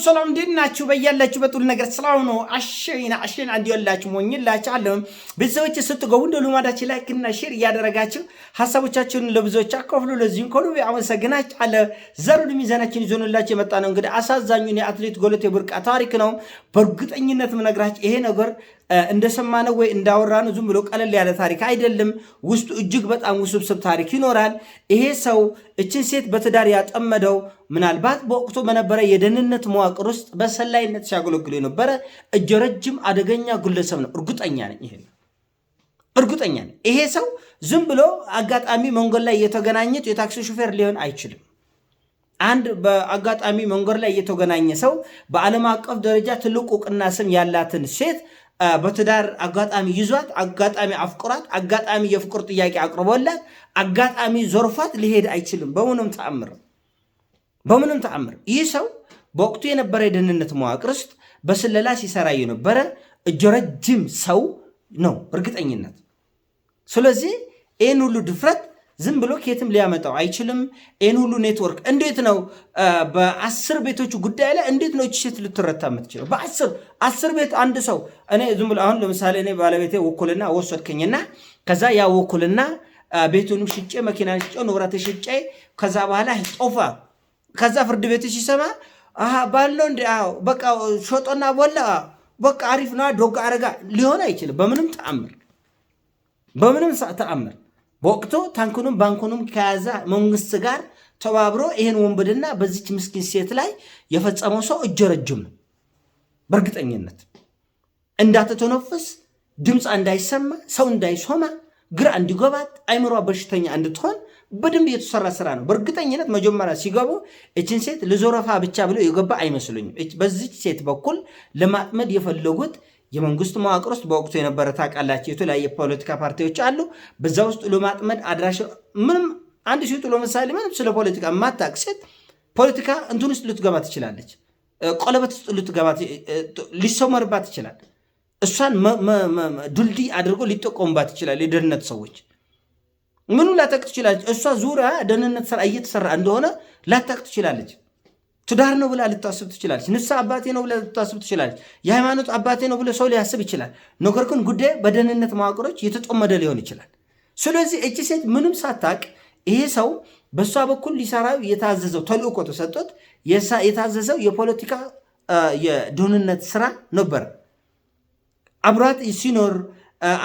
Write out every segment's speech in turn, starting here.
ሰላቱ ሰላም እንዴት ናችሁ? በያላችሁ በጥሩ ነገር ሰላም ነው። አሸና አሸና እንዲላችሁ ሞኝላችሁ አለም ቤተሰቦች ስትገቡ እንደ ልማዳችን ላይክ እና ሼር እያደረጋችሁ ሀሳቦቻችሁን ለብዙዎች አካፍሉ። ለዚህም ከሉ አመሰግናች አለ ዘሩን ሚዛናችን ይዞንላችሁ የመጣ ነው። እንግዲህ አሳዛኙን የአትሌት ገለቴ ቡርቃ ታሪክ ነው። በእርግጠኝነት ምነግራችሁ ይሄ ነገር እንደሰማነው ወይ እንዳወራነው ዝም ብሎ ቀለል ያለ ታሪክ አይደለም። ውስጡ እጅግ በጣም ውስብስብ ታሪክ ይኖራል። ይሄ ሰው እችን ሴት በትዳር ያጠመደው ምናልባት በወቅቱ በነበረ የደህንነት መዋቅር ውስጥ በሰላይነት ሲያገለግሉ የነበረ እጀረጅም አደገኛ ግለሰብ ነው። እርግጠኛ ነኝ ይሄ እርግጠኛ ነኝ ይሄ ሰው ዝም ብሎ አጋጣሚ መንገድ ላይ የተገናኘት የታክሲ ሹፌር ሊሆን አይችልም። አንድ በአጋጣሚ መንገድ ላይ የተገናኘ ሰው በዓለም አቀፍ ደረጃ ትልቅ እውቅና ስም ያላትን ሴት በትዳር አጋጣሚ ይዟት አጋጣሚ አፍቅሯት አጋጣሚ የፍቅር ጥያቄ አቅርቦላት አጋጣሚ ዞርፏት ሊሄድ አይችልም። በምንም ተአምር በምንም ተአምር ይህ ሰው በወቅቱ የነበረ የደህንነት መዋቅር ውስጥ በስለላ ሲሰራ የነበረ እጅ ረጅም ሰው ነው፣ እርግጠኝነት። ስለዚህ ይህን ሁሉ ድፍረት ዝም ብሎ ኬትም ሊያመጣው አይችልም። ይህን ሁሉ ኔትወርክ እንዴት ነው በአስር ቤቶቹ ጉዳይ ላይ እንዴት ነው ሴት ልትረታ የምትችለው? በአስር አስር ቤት አንድ ሰው እኔ ዝም ብሎ አሁን ለምሳሌ እኔ ባለቤቴ ውኩልና ወሰድከኝና ከዛ ያ ውኩልና ቤቱንም ሽጬ መኪና ሽጬ ንብረት ሽጬ ከዛ በኋላ ጦፋ ከዛ ፍርድ ቤት ሲሰማ ባለው እንዲ በቃ ሾጦና ቦላ በቃ አሪፍ ነዋ ዶጋ አረጋ ሊሆን አይችልም። በምንም ተአምር በምንም ተአምር በወቅቱ ታንኩንም ባንኩንም ከያዘ መንግስት ጋር ተባብሮ ይህን ወንብድና በዚች ምስኪን ሴት ላይ የፈጸመው ሰው እጅ ረጅም ነው። በእርግጠኝነት እንዳትተነፍስ፣ ድምፅ እንዳይሰማ፣ ሰው እንዳይሶማ፣ ግራ እንዲጎባት፣ አይምሯ በሽተኛ እንድትሆን በደንብ የተሰራ ስራ ነው። በእርግጠኝነት መጀመሪያ ሲገቡ እችን ሴት ልዞረፋ ብቻ ብሎ የገባ አይመስሉኝም። በዚች ሴት በኩል ለማጥመድ የፈለጉት የመንግስት መዋቅር ውስጥ በወቅቱ የነበረ ታውቃላችሁ፣ የተለያየ ፖለቲካ ፓርቲዎች አሉ። በዛ ውስጥ ጥሎ ማጥመድ አድራሻ ምንም አንድ ሴት ለምሳሌ ምንም ስለ ፖለቲካ የማታውቅ ሴት ፖለቲካ እንትን ውስጥ ልትገባ ትችላለች። ቆለበት ውስጥ ልትገባ ሊሰመርባት ይችላል። እሷን ዱልዲ አድርጎ ሊጠቀሙባት ይችላል። የደህንነት ሰዎች ምኑ ላታውቅ ትችላለች። እሷ ዙሪያ ደህንነት ስራ እየተሰራ እንደሆነ ላታውቅ ትችላለች። ትዳር ነው ብላ ልታስብ ትችላለች። ንስሐ አባቴ ነው ብላ ልታስብ ትችላለች። የሃይማኖት አባቴ ነው ብሎ ሰው ሊያስብ ይችላል። ነገር ግን ጉዳይ በደህንነት መዋቅሮች የተጠመደ ሊሆን ይችላል። ስለዚህ እቺ ሴት ምንም ሳታቅ ይሄ ሰው በእሷ በኩል ሊሰራ የታዘዘው ተልእኮ ተሰጥቶት የታዘዘው የፖለቲካ የደህንነት ስራ ነበር። አብራት ሲኖር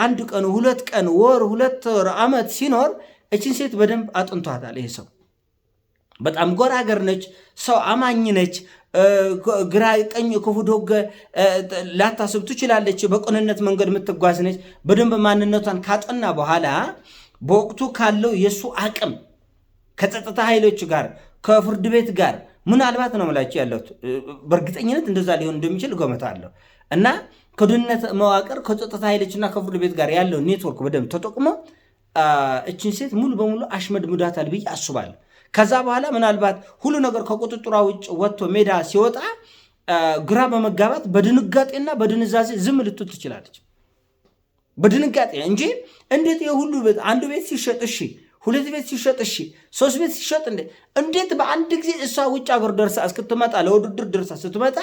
አንድ ቀን ሁለት ቀን ወር ሁለት ወር አመት ሲኖር እችን ሴት በደንብ አጥንቷታል ይሄ ሰው በጣም ጎራገር ነች፣ ሰው አማኝ ነች። ግራ ቀኝ ክፉ ደግ ላታስብ ትችላለች። በቅንነት መንገድ የምትጓዝ ነች። በደንብ ማንነቷን ካጠና በኋላ በወቅቱ ካለው የእሱ አቅም ከጸጥታ ኃይሎች ጋር ከፍርድ ቤት ጋር ምናልባት ነው ምላቸው ያለት በእርግጠኝነት እንደዛ ሊሆን እንደሚችል እገምታለሁ እና ከደህንነት መዋቅር ከጸጥታ እና ከፍርድ ቤት ጋር ያለው ኔትወርክ በደንብ ተጠቅሞ እችን ሴት ሙሉ በሙሉ አሽመድምዷታል ብዬ አስባለሁ። ከዛ በኋላ ምናልባት ሁሉ ነገር ከቁጥጥሯ ውጭ ወጥቶ ሜዳ ሲወጣ ግራ በመጋባት በድንጋጤና በድንዛዜ ዝም ልትል ትችላለች። በድንጋጤ እንጂ እንዴት የሁሉ ቤት አንዱ ቤት ሲሸጥ እሺ፣ ሁለት ቤት ሲሸጥ እሺ፣ ሶስት ቤት ሲሸጥ እንዴ እንዴት በአንድ ጊዜ እሷ ውጭ ሀገር ደርሳ እስክትመጣ ለውድድር ደርሳ ስትመጣ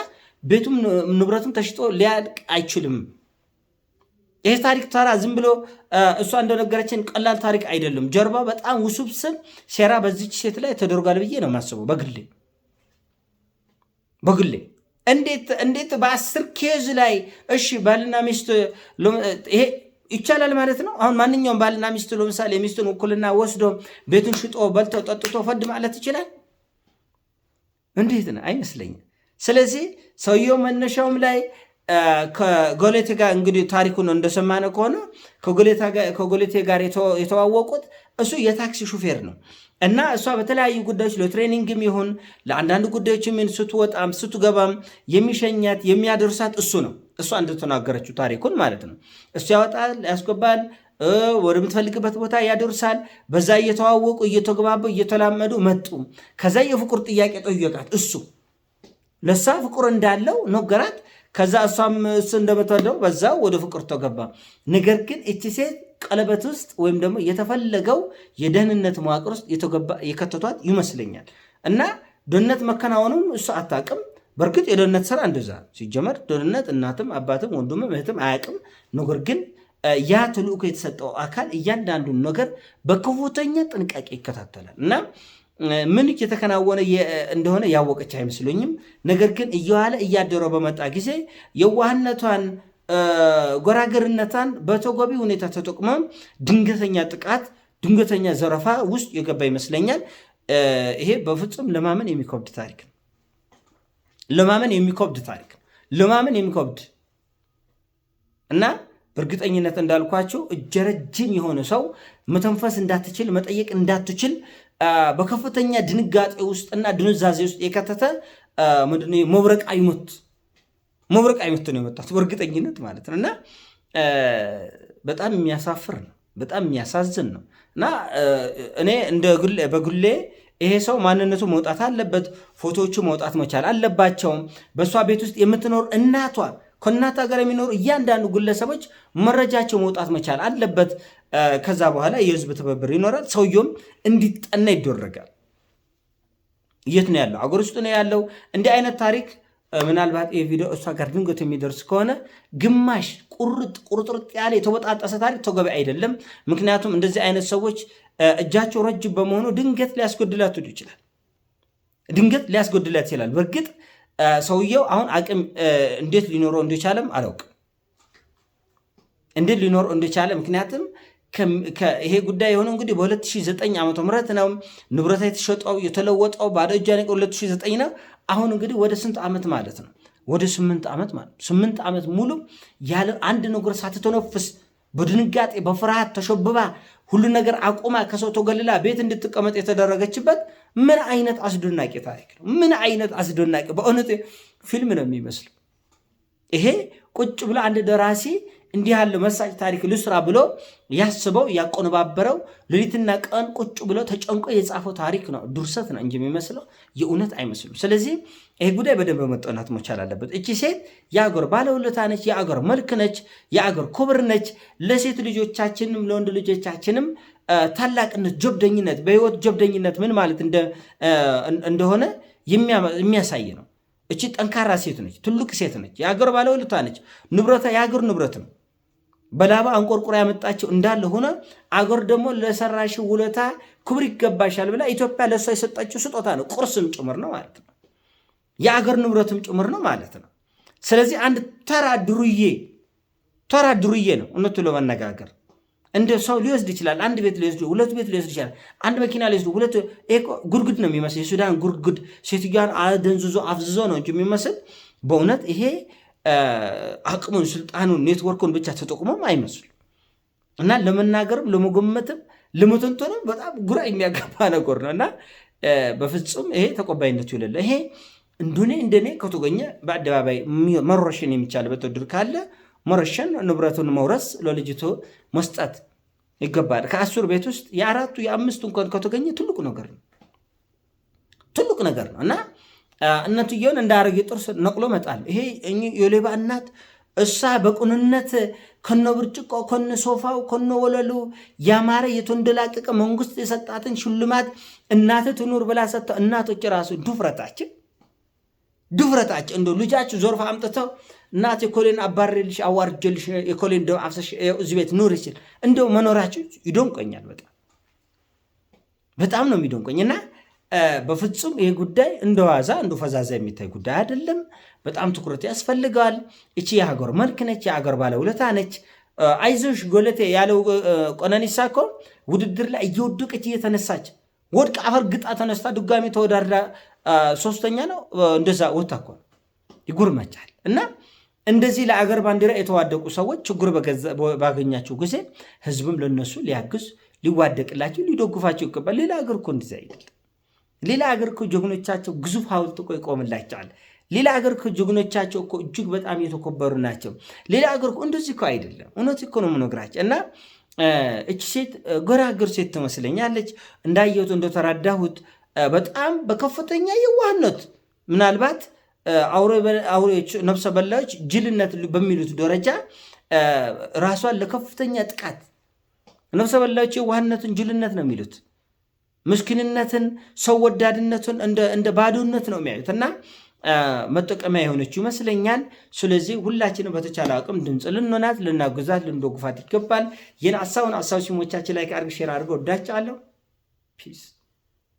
ቤቱም ንብረቱም ተሽጦ ሊያልቅ አይችልም። ይህ ታሪክ ተራ ዝም ብሎ እሷ እንደነገረችን ቀላል ታሪክ አይደለም። ጀርባ በጣም ውስብስብ ሴራ በዚች ሴት ላይ ተደርጓል ብዬ ነው የማስበው በግሌ በግሌ እንዴት እንዴት በአስር ኬዝ ላይ እሺ፣ ባልና ሚስት ይሄ ይቻላል ማለት ነው። አሁን ማንኛውም ባልና ሚስት ለምሳሌ የሚስቱን ውክልና ወስዶ ቤቱን ሽጦ በልቶ ጠጥቶ ፈድ ማለት ይችላል? እንዴት ነው? አይመስለኝም። ስለዚህ ሰውየው መነሻውም ላይ ከጎሌቴ ጋር እንግዲህ ታሪኩን እንደሰማነ ከሆነ ከጎሌቴ ጋር የተዋወቁት እሱ የታክሲ ሹፌር ነው እና እሷ በተለያዩ ጉዳዮች ለትሬኒንግም ይሁን ለአንዳንድ ጉዳዮችም ስትወጣም ስትገባም የሚሸኛት የሚያደርሳት እሱ ነው። እሷ እንደተናገረችው ታሪኩን ማለት ነው። እሱ ያወጣል፣ ያስገባል፣ ወደምትፈልግበት ቦታ ያደርሳል። በዛ እየተዋወቁ እየተግባቡ እየተላመዱ መጡ። ከዛ የፍቅር ጥያቄ ጠየቃት። እሱ ለእሷ ፍቅር እንዳለው ነገራት። ከዛ እሷም እሱ እንደምትወደው በዛ ወደ ፍቅርቶ ገባ። ነገር ግን እቺ ሴት ቀለበት ውስጥ ወይም ደግሞ የተፈለገው የደህንነት መዋቅር ውስጥ የከተቷት ይመስለኛል። እና ደህንነት መከናወኑም እሱ አታውቅም። በእርግጥ የደህንነት ስራ እንደዛ ሲጀመር ደህንነት እናትም አባትም ወንድምም እህትም አያውቅም። ነገር ግን ያ ተልእኮ የተሰጠው አካል እያንዳንዱን ነገር በከፍተኛ ጥንቃቄ ይከታተላል እና ምን የተከናወነ እንደሆነ ያወቀች አይመስሉኝም። ነገር ግን እየዋለ እያደረ በመጣ ጊዜ የዋህነቷን ጎራገርነቷን በተጎቢ ሁኔታ ተጠቅመ ድንገተኛ ጥቃት፣ ድንገተኛ ዘረፋ ውስጥ የገባ ይመስለኛል። ይሄ በፍጹም ለማመን የሚከብድ ታሪክ ነው። ለማመን የሚከብድ ታሪክ ነው። ለማመን የሚከብድ እና በእርግጠኝነት እንዳልኳቸው እጀረጅም የሆነ ሰው መተንፈስ እንዳትችል መጠየቅ እንዳትችል በከፍተኛ ድንጋጤ ውስጥ እና ድንዛዜ ውስጥ የከተተ ምንድነው መብረቃዊ ምት መብረቃዊ ምት ነው የመጣት በእርግጠኝነት ማለት ነው። እና በጣም የሚያሳፍር ነው፣ በጣም የሚያሳዝን ነው። እና እኔ እንደ በግሌ ይሄ ሰው ማንነቱ መውጣት አለበት፣ ፎቶዎቹ መውጣት መቻል አለባቸውም። በእሷ ቤት ውስጥ የምትኖር እናቷ ከእናት ሀገር የሚኖሩ እያንዳንዱ ግለሰቦች መረጃቸው መውጣት መቻል አለበት። ከዛ በኋላ የህዝብ ትብብር ይኖራል። ሰውየውም እንዲጠና ይደረጋል። የት ነው ያለው? አገር ውስጥ ነው ያለው። እንዲህ አይነት ታሪክ ምናልባት ይህ ቪዲዮ እሷ ጋር ድንገት የሚደርስ ከሆነ ግማሽ ቁርጥ ቁርጥርጥ ያለ የተወጣጠሰ ታሪክ ተገቢ አይደለም። ምክንያቱም እንደዚህ አይነት ሰዎች እጃቸው ረጅም በመሆኑ ድንገት ሊያስጎድላት ይችላል። ድንገት ሊያስጎድላት ይችላል። በእርግጥ ሰውየው አሁን አቅም እንዴት ሊኖረው እንደቻለም አላውቅም፣ እንዴት ሊኖረው እንደቻለ ምክንያቱም ይሄ ጉዳይ የሆነው እንግዲህ በ2009 ዓመተ ምህረት ነው። ንብረት የተሸጠው የተለወጠው ባዶ እጇ ነው 2009 ነው። አሁን እንግዲህ ወደ ስንት ዓመት ማለት ነው? ወደ ስምንት ዓመት ማለት ነው። ስምንት ዓመት ሙሉ ያለ አንድ ነገር ሳትተነፍስ በድንጋጤ በፍርሃት ተሸብባ ሁሉ ነገር አቁማ ከሰው ተገልላ ቤት እንድትቀመጥ የተደረገችበት ምን አይነት አስደናቂ ታሪክ ነው! ምን አይነት አስደናቂ በእውነት ፊልም ነው የሚመስለው ይሄ ቁጭ ብሎ አንድ ደራሲ እንዲህ ያለ መሳጭ ታሪክ ልስራ ብሎ ያስበው ያቆነባበረው ሌሊትና ቀን ቁጭ ብሎ ተጨንቆ የጻፈው ታሪክ ነው። ዱርሰት ነው እንጂ የሚመስለው የእውነት አይመስሉም። ስለዚህ ይህ ጉዳይ በደንብ መጠናት መቻል አለበት። እቺ ሴት የአገር ባለውለታ ነች፣ የአገር መልክ ነች፣ የአገር ክብር ነች። ለሴት ልጆቻችንም ለወንድ ልጆቻችንም ታላቅነት፣ ጀብደኝነት፣ በህይወት ጀብደኝነት ምን ማለት እንደሆነ የሚያሳይ ነው። እቺ ጠንካራ ሴት ነች፣ ትልቅ ሴት ነች፣ የአገር ባለውለታ ነች። ንብረቷ የአገር ንብረት ነው። በላባ አንቆርቁራ ያመጣቸው እንዳለ ሆነ አገር ደግሞ ለሰራሽ ውለታ ክብር ይገባሻል ብላ ኢትዮጵያ ለእሷ የሰጣችው ስጦታ ነው። ቁርስም ጭምር ነው ማለት ነው። የአገር ንብረትም ጭምር ነው ማለት ነው። ስለዚህ አንድ ተራ ድሩዬ ተራ ድሩዬ ነው እነቱ ለመነጋገር እንደ ሰው ሊወስድ ይችላል። አንድ ቤት ሊወስድ፣ ሁለት ቤት ሊወስድ ይችላል። አንድ መኪና ሊወስድ፣ ሁለት ጉድጉድ ነው የሚመስል የሱዳን ጉድጉድ ሴትዮዋን አደንዝዞ አፍዝዞ ነው እንጂ የሚመስል በእውነት ይሄ አቅሙን፣ ስልጣኑን፣ ኔትወርኩን ብቻ ተጠቁሞም አይመስሉ እና ለመናገርም ለመጎመትም ለመተንተንም በጣም ጉራ የሚያገባ ነገር ነው እና በፍጹም ይሄ ተቆባይነቱ የሌለ ይሄ እንደኔ እንደኔ ከተገኘ በአደባባይ መረሸን የሚቻልበት ድር ካለ መረሸን፣ ንብረቱን መውረስ፣ ለልጅቱ መስጠት ይገባል። ከአስር ቤት ውስጥ የአራቱ የአምስቱ እንኳን ከተገኘ ትልቁ ነገር ነው፣ ትልቁ ነገር ነው እና እናትየውን እንደ አረጌ ጥርስ ነቅሎ መጣል። ይሄ የሌባ እናት እሳ በቁንነት ከነ ብርጭቆ ከነ ሶፋው ከነ ወለሉ ያማረ የተንደላቀቀ መንግስት የሰጣትን ሽልማት እናት ትኑር ብላ ሰጥተው እናቶች ራሱ ድፍረታችን ድፍረታችን እንደ ልጃችሁ ዞርፋ አምጥተው እናት የኮሌን አባሬልሽ አዋርጀልሽ የኮሌን ደም አፍሰሽ እዚህ ቤት ኑር ይችል እንደው መኖራችሁ ይደንቀኛል። በጣም በጣም ነው የሚደንቀኝ እና በፍጹም ይሄ ጉዳይ እንደዋዛ ዋዛ እንደ ፈዛዛ የሚታይ ጉዳይ አይደለም። በጣም ትኩረት ያስፈልገዋል። እቺ የሀገር መልክ ነች፣ የሀገር ባለውለታ ነች። አይዞሽ ጎለቴ ያለው ቀነኒሳ እኮ ውድድር ላይ እየወደቀች እየተነሳች ወድቅ አፈር ግጣ ተነስታ ድጋሚ ተወዳድራ ሶስተኛ ነው እንደዛ ወታ እኮ እና እንደዚህ ለአገር ባንዲራ የተዋደቁ ሰዎች ችግር ባገኛቸው ጊዜ ህዝብም ለነሱ ሊያግዝ ሊዋደቅላቸው ሊደግፋቸው ይገባል። ሌላ አገር እኮ እንደዚህ አይደለም። ሌላ አገር እኮ ጀግኖቻቸው ግዙፍ ሀውልት እኮ ይቆምላቸዋል። ሌላ አገር እኮ ጀግኖቻቸው እኮ እጅግ በጣም የተከበሩ ናቸው። ሌላ አገር እኮ እንደዚህ እኮ አይደለም። እውነት እኮ ነው የምነግራቸው እና እቺ ሴት ጎራገር ሴት ትመስለኛለች። እንዳየሁት እንደተራዳሁት በጣም በከፍተኛ የዋህነት ምናልባት አውሬዎች፣ ነፍሰ በላዮች፣ ጅልነት በሚሉት ደረጃ ራሷን ለከፍተኛ ጥቃት ነፍሰ በላዮች የዋህነትን ጅልነት ነው የሚሉት ምስኪንነትን ሰው ወዳድነትን እንደ ባዶነት ነው የሚያዩት እና መጠቀሚያ የሆነች ይመስለኛል። ስለዚህ ሁላችንም በተቻለ አቅም ድምፅ ልንሆናት፣ ልናግዛት፣ ልንደጉፋት ይገባል። ይህን ሀሳቡን ሀሳብ ሲሞቻችን ላይ ከአርግ ሼር አድርገ ወዳች አለው ፒስ